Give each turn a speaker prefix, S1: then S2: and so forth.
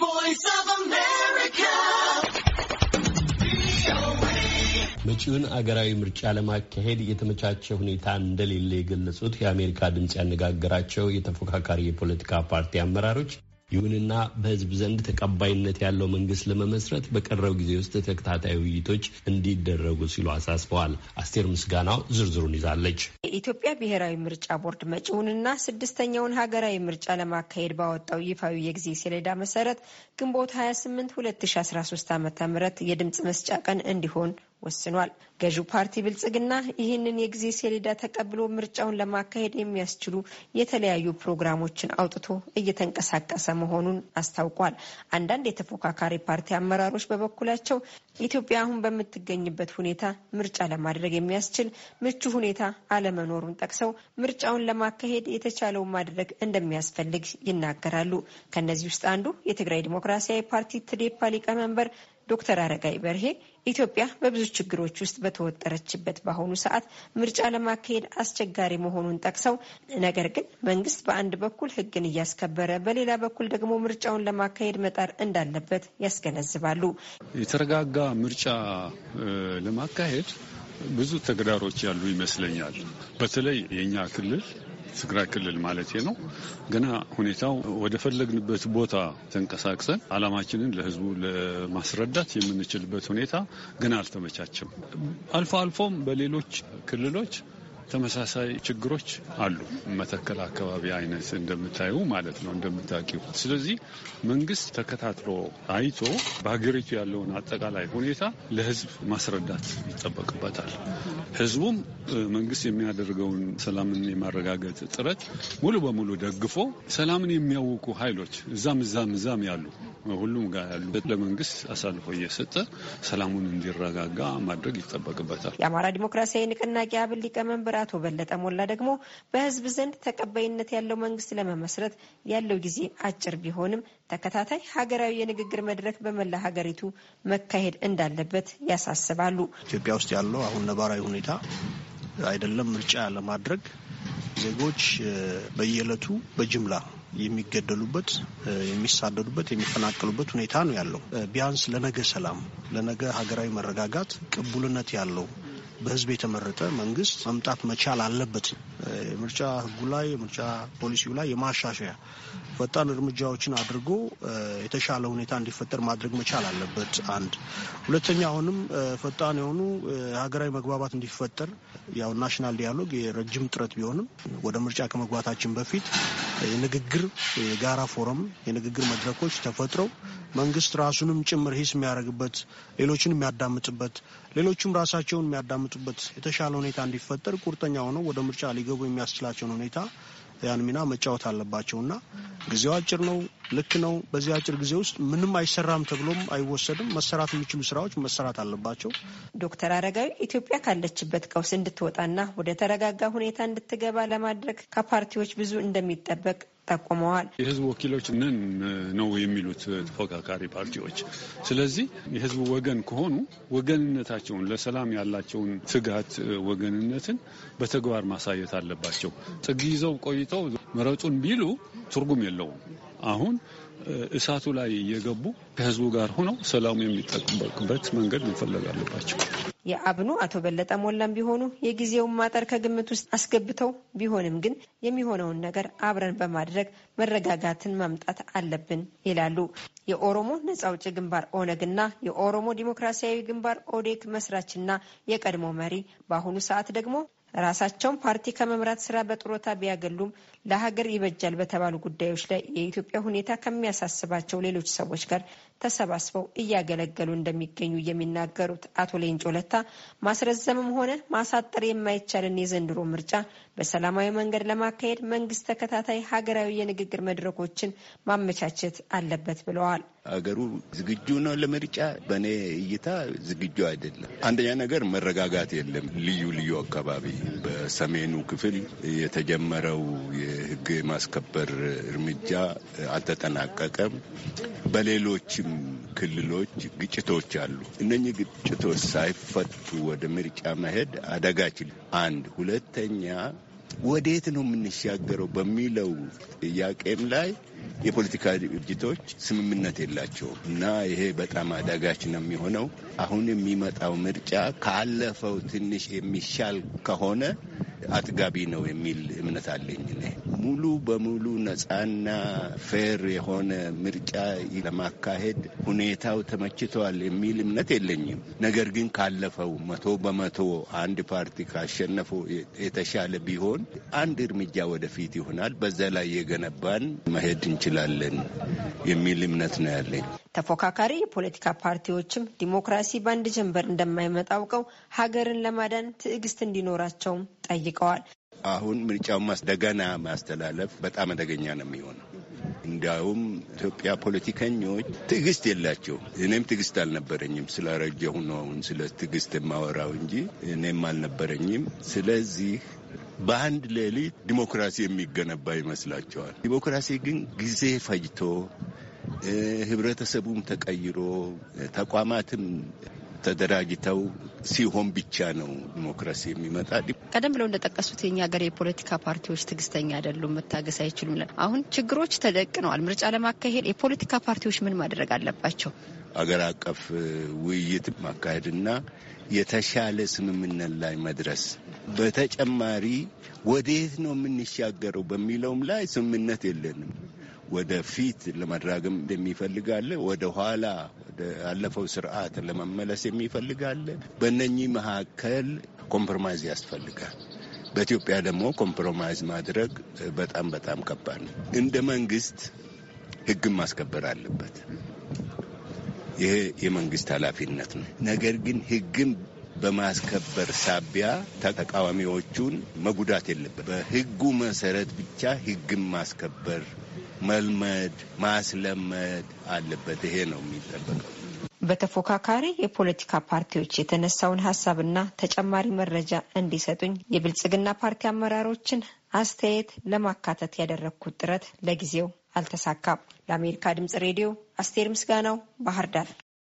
S1: ቮይስ
S2: መጪውን አገራዊ ምርጫ ለማካሄድ የተመቻቸ ሁኔታ እንደሌለ የገለጹት የአሜሪካ ድምፅ ያነጋገራቸው የተፎካካሪ የፖለቲካ ፓርቲ አመራሮች ይሁንና በህዝብ ዘንድ ተቀባይነት ያለው መንግስት ለመመስረት በቀረው ጊዜ ውስጥ ተከታታይ ውይይቶች እንዲደረጉ ሲሉ አሳስበዋል። አስቴር ምስጋናው ዝርዝሩን ይዛለች።
S1: የኢትዮጵያ ብሔራዊ ምርጫ ቦርድ መጪውንና ስድስተኛውን ሀገራዊ ምርጫ ለማካሄድ ባወጣው ይፋዊ የጊዜ ሰሌዳ መሰረት ግንቦት 28 2013 ዓ ም የድምፅ መስጫ ቀን እንዲሆን ወስኗል። ገዢው ፓርቲ ብልጽግና ይህንን የጊዜ ሰሌዳ ተቀብሎ ምርጫውን ለማካሄድ የሚያስችሉ የተለያዩ ፕሮግራሞችን አውጥቶ እየተንቀሳቀሰ መሆኑን አስታውቋል። አንዳንድ የተፎካካሪ ፓርቲ አመራሮች በበኩላቸው ኢትዮጵያ አሁን በምትገኝበት ሁኔታ ምርጫ ለማድረግ የሚያስችል ምቹ ሁኔታ አለመኖሩን ጠቅሰው ምርጫውን ለማካሄድ የተቻለውን ማድረግ እንደሚያስፈልግ ይናገራሉ። ከእነዚህ ውስጥ አንዱ የትግራይ ዲሞክራሲያዊ ፓርቲ ትዴፓ ሊቀመንበር ዶክተር አረጋይ በርሄ ኢትዮጵያ በብዙ ችግሮች ውስጥ በተወጠረችበት በአሁኑ ሰዓት ምርጫ ለማካሄድ አስቸጋሪ መሆኑን ጠቅሰው ነገር ግን መንግስት በአንድ በኩል ሕግን እያስከበረ በሌላ በኩል ደግሞ ምርጫውን ለማካሄድ መጣር እንዳለበት ያስገነዝባሉ።
S3: የተረጋጋ ምርጫ ለማካሄድ ብዙ ተግዳሮች ያሉ ይመስለኛል። በተለይ የእኛ ክልል ትግራይ ክልል ማለት ነው። ገና ሁኔታው ወደ ፈለግንበት ቦታ ተንቀሳቅሰን አላማችንን ለህዝቡ ለማስረዳት የምንችልበት ሁኔታ ገና አልተመቻቸም። አልፎ አልፎም በሌሎች ክልሎች ተመሳሳይ ችግሮች አሉ። መተከል አካባቢ አይነት እንደምታዩ ማለት ነው እንደምታውቂው። ስለዚህ መንግስት ተከታትሎ አይቶ በሀገሪቱ ያለውን አጠቃላይ ሁኔታ ለህዝብ ማስረዳት ይጠበቅበታል። ህዝቡም መንግስት የሚያደርገውን ሰላምን የማረጋገጥ ጥረት ሙሉ በሙሉ ደግፎ ሰላምን የሚያውቁ ኃይሎች እዛም እዛም እዛም ያሉ ሁሉም ጋር ያሉበት ለመንግስት አሳልፎ እየሰጠ ሰላሙን እንዲረጋጋ ማድረግ ይጠበቅበታል።
S1: የአማራ ዲሞክራሲያዊ ንቅናቄ አብን ሊቀመንበር አቶ በለጠ ሞላ ደግሞ በህዝብ ዘንድ ተቀባይነት ያለው መንግስት ለመመስረት ያለው ጊዜ አጭር ቢሆንም ተከታታይ ሀገራዊ የንግግር መድረክ በመላ ሀገሪቱ መካሄድ እንዳለበት ያሳስባሉ።
S4: ኢትዮጵያ ውስጥ ያለው አሁን ነባራዊ ሁኔታ አይደለም ምርጫ ለማድረግ ዜጎች በየዕለቱ በጅምላ የሚገደሉበት፣ የሚሳደዱበት፣ የሚፈናቀሉበት ሁኔታ ነው ያለው። ቢያንስ ለነገ ሰላም፣ ለነገ ሀገራዊ መረጋጋት ቅቡልነት ያለው በህዝብ የተመረጠ መንግስት መምጣት መቻል አለበት። የምርጫ ህጉ ላይ የምርጫ ፖሊሲው ላይ የማሻሻያ ፈጣን እርምጃዎችን አድርጎ የተሻለ ሁኔታ እንዲፈጠር ማድረግ መቻል አለበት። አንድ ሁለተኛ፣ አሁንም ፈጣን የሆኑ ሀገራዊ መግባባት እንዲፈጠር ያው ናሽናል ዲያሎግ የረጅም ጥረት ቢሆንም ወደ ምርጫ ከመግባታችን በፊት የንግግር የጋራ ፎረም የንግግር መድረኮች ተፈጥረው መንግስት ራሱንም ጭምር ሂስ የሚያደርግበት ሌሎችን የሚያዳምጥበት ሌሎችም ራሳቸውን የሚያዳምጡበት የተሻለ ሁኔታ እንዲፈጠር ቁርጠኛ ሆነው ወደ ምርጫ ሊገቡ የሚያስችላቸውን ሁኔታ ያን ሚና መጫወት አለባቸውና ጊዜው አጭር ነው። ልክ ነው።
S1: በዚህ አጭር ጊዜ ውስጥ ምንም አይሰራም ተብሎም አይወሰድም። መሰራት የሚችሉ ስራዎች መሰራት አለባቸው። ዶክተር አረጋዊ ኢትዮጵያ ካለችበት ቀውስ እንድትወጣና ወደ ተረጋጋ ሁኔታ እንድትገባ ለማድረግ ከፓርቲዎች ብዙ እንደሚጠበቅ
S3: ጠቁመዋል። የህዝብ ወኪሎች ነን ነው የሚሉት ተፎካካሪ ፓርቲዎች። ስለዚህ የህዝቡ ወገን ከሆኑ ወገንነታቸውን ለሰላም ያላቸውን ትጋት ወገንነትን በተግባር ማሳየት አለባቸው። ጥግ ይዘው ቆይተው መረጡን ቢሉ ትርጉም የለውም። አሁን እሳቱ ላይ እየገቡ ከህዝቡ ጋር ሆነው ሰላሙ የሚጠበቅበት መንገድ መፈለግ አለባቸው።
S1: የአብኑ አቶ በለጠ ሞላም ቢሆኑ የጊዜውን ማጠር ከግምት ውስጥ አስገብተው ቢሆንም ግን የሚሆነውን ነገር አብረን በማድረግ መረጋጋትን ማምጣት አለብን ይላሉ። የኦሮሞ ነጻ አውጪ ግንባር ኦነግና የኦሮሞ ዲሞክራሲያዊ ግንባር ኦዴክ መስራችና የቀድሞ መሪ በአሁኑ ሰዓት ደግሞ ራሳቸውን ፓርቲ ከመምራት ስራ በጥሮታ ቢያገሉም ለሀገር ይበጃል በተባሉ ጉዳዮች ላይ የኢትዮጵያ ሁኔታ ከሚያሳስባቸው ሌሎች ሰዎች ጋር ተሰባስበው እያገለገሉ እንደሚገኙ የሚናገሩት አቶ ሌንጮ ለታ ማስረዘምም ሆነ ማሳጠር የማይቻልን የዘንድሮ ምርጫ በሰላማዊ መንገድ ለማካሄድ መንግስት ተከታታይ ሀገራዊ የንግግር መድረኮችን ማመቻቸት አለበት ብለዋል።
S2: አገሩ ዝግጁ ነው ለምርጫ? በእኔ እይታ ዝግጁ አይደለም። አንደኛ ነገር መረጋጋት የለም። ልዩ ልዩ አካባቢ በሰሜኑ ክፍል የተጀመረው የህግ ማስከበር እርምጃ አልተጠናቀቀም። በሌሎችም ክልሎች ግጭቶች አሉ። እነኚህ ግጭቶች ሳይፈቱ ወደ ምርጫ መሄድ አደጋች አንድ ሁለተኛ ወዴት ነው የምንሻገረው በሚለው ጥያቄም ላይ የፖለቲካ ድርጅቶች ስምምነት የላቸውም እና ይሄ በጣም አዳጋች ነው የሚሆነው። አሁን የሚመጣው ምርጫ ካለፈው ትንሽ የሚሻል ከሆነ አጥጋቢ ነው የሚል እምነት አለኝ። ሙሉ በሙሉ ነፃና ፌር የሆነ ምርጫ ለማካሄድ ሁኔታው ተመችተዋል የሚል እምነት የለኝም። ነገር ግን ካለፈው መቶ በመቶ አንድ ፓርቲ ካሸነፈው የተሻለ ቢሆን አንድ እርምጃ ወደፊት ይሆናል። በዛ ላይ የገነባን መሄድ እንችላለን የሚል እምነት ነው ያለኝ።
S1: ተፎካካሪ የፖለቲካ ፓርቲዎችም ዲሞክራሲ በአንድ ጀንበር እንደማይመጣ አውቀው ሀገርን ለማዳን ትዕግስት እንዲኖራቸውም ጠይቀዋል።
S2: አሁን ምርጫውን ማስደገና ማስተላለፍ በጣም አደገኛ ነው የሚሆነው። እንዲያውም ኢትዮጵያ ፖለቲከኞች ትዕግስት የላቸው እኔም ትዕግስት አልነበረኝም። ስለረጀ ነው ስለ ትዕግስት የማወራው እንጂ እኔም አልነበረኝም። ስለዚህ በአንድ ሌሊት ዲሞክራሲ የሚገነባ ይመስላቸዋል። ዲሞክራሲ ግን ጊዜ ፈጅቶ ህብረተሰቡም ተቀይሮ ተቋማትም ተደራጅተው ሲሆን ብቻ ነው ዲሞክራሲ የሚመጣ።
S1: ቀደም ብለው እንደጠቀሱት የኛ ሀገር የፖለቲካ ፓርቲዎች ትግስተኛ አይደሉም፣ መታገስ አይችሉም። አሁን ችግሮች ተደቅነዋል። ምርጫ ለማካሄድ የፖለቲካ ፓርቲዎች ምን ማድረግ አለባቸው?
S2: አገር አቀፍ ውይይት ማካሄድና የተሻለ ስምምነት ላይ መድረስ፣ በተጨማሪ ወደየት ነው የምንሻገረው በሚለውም ላይ ስምምነት የለንም። ወደፊት ለመድራግም እንደሚፈልጋለ ወደ ኋላ ያለፈው ስርዓት ለመመለስ የሚፈልግ አለ። በእነኚህ መካከል ኮምፕሮማይዝ ያስፈልጋል። በኢትዮጵያ ደግሞ ኮምፕሮማይዝ ማድረግ በጣም በጣም ከባድ ነው። እንደ መንግስት ህግን ማስከበር አለበት። ይሄ የመንግስት ኃላፊነት ነው። ነገር ግን ህግን በማስከበር ሳቢያ ተቃዋሚዎቹን መጉዳት የለበት። በህጉ መሰረት ብቻ ህግን ማስከበር መልመድ ማስለመድ አለበት። ይሄ ነው የሚጠበቀው።
S1: በተፎካካሪ የፖለቲካ ፓርቲዎች የተነሳውን ሀሳብና ተጨማሪ መረጃ እንዲሰጡኝ የብልጽግና ፓርቲ አመራሮችን አስተያየት ለማካተት ያደረግኩት ጥረት ለጊዜው አልተሳካም። ለአሜሪካ ድምጽ ሬዲዮ አስቴር ምስጋናው ባህር ዳር።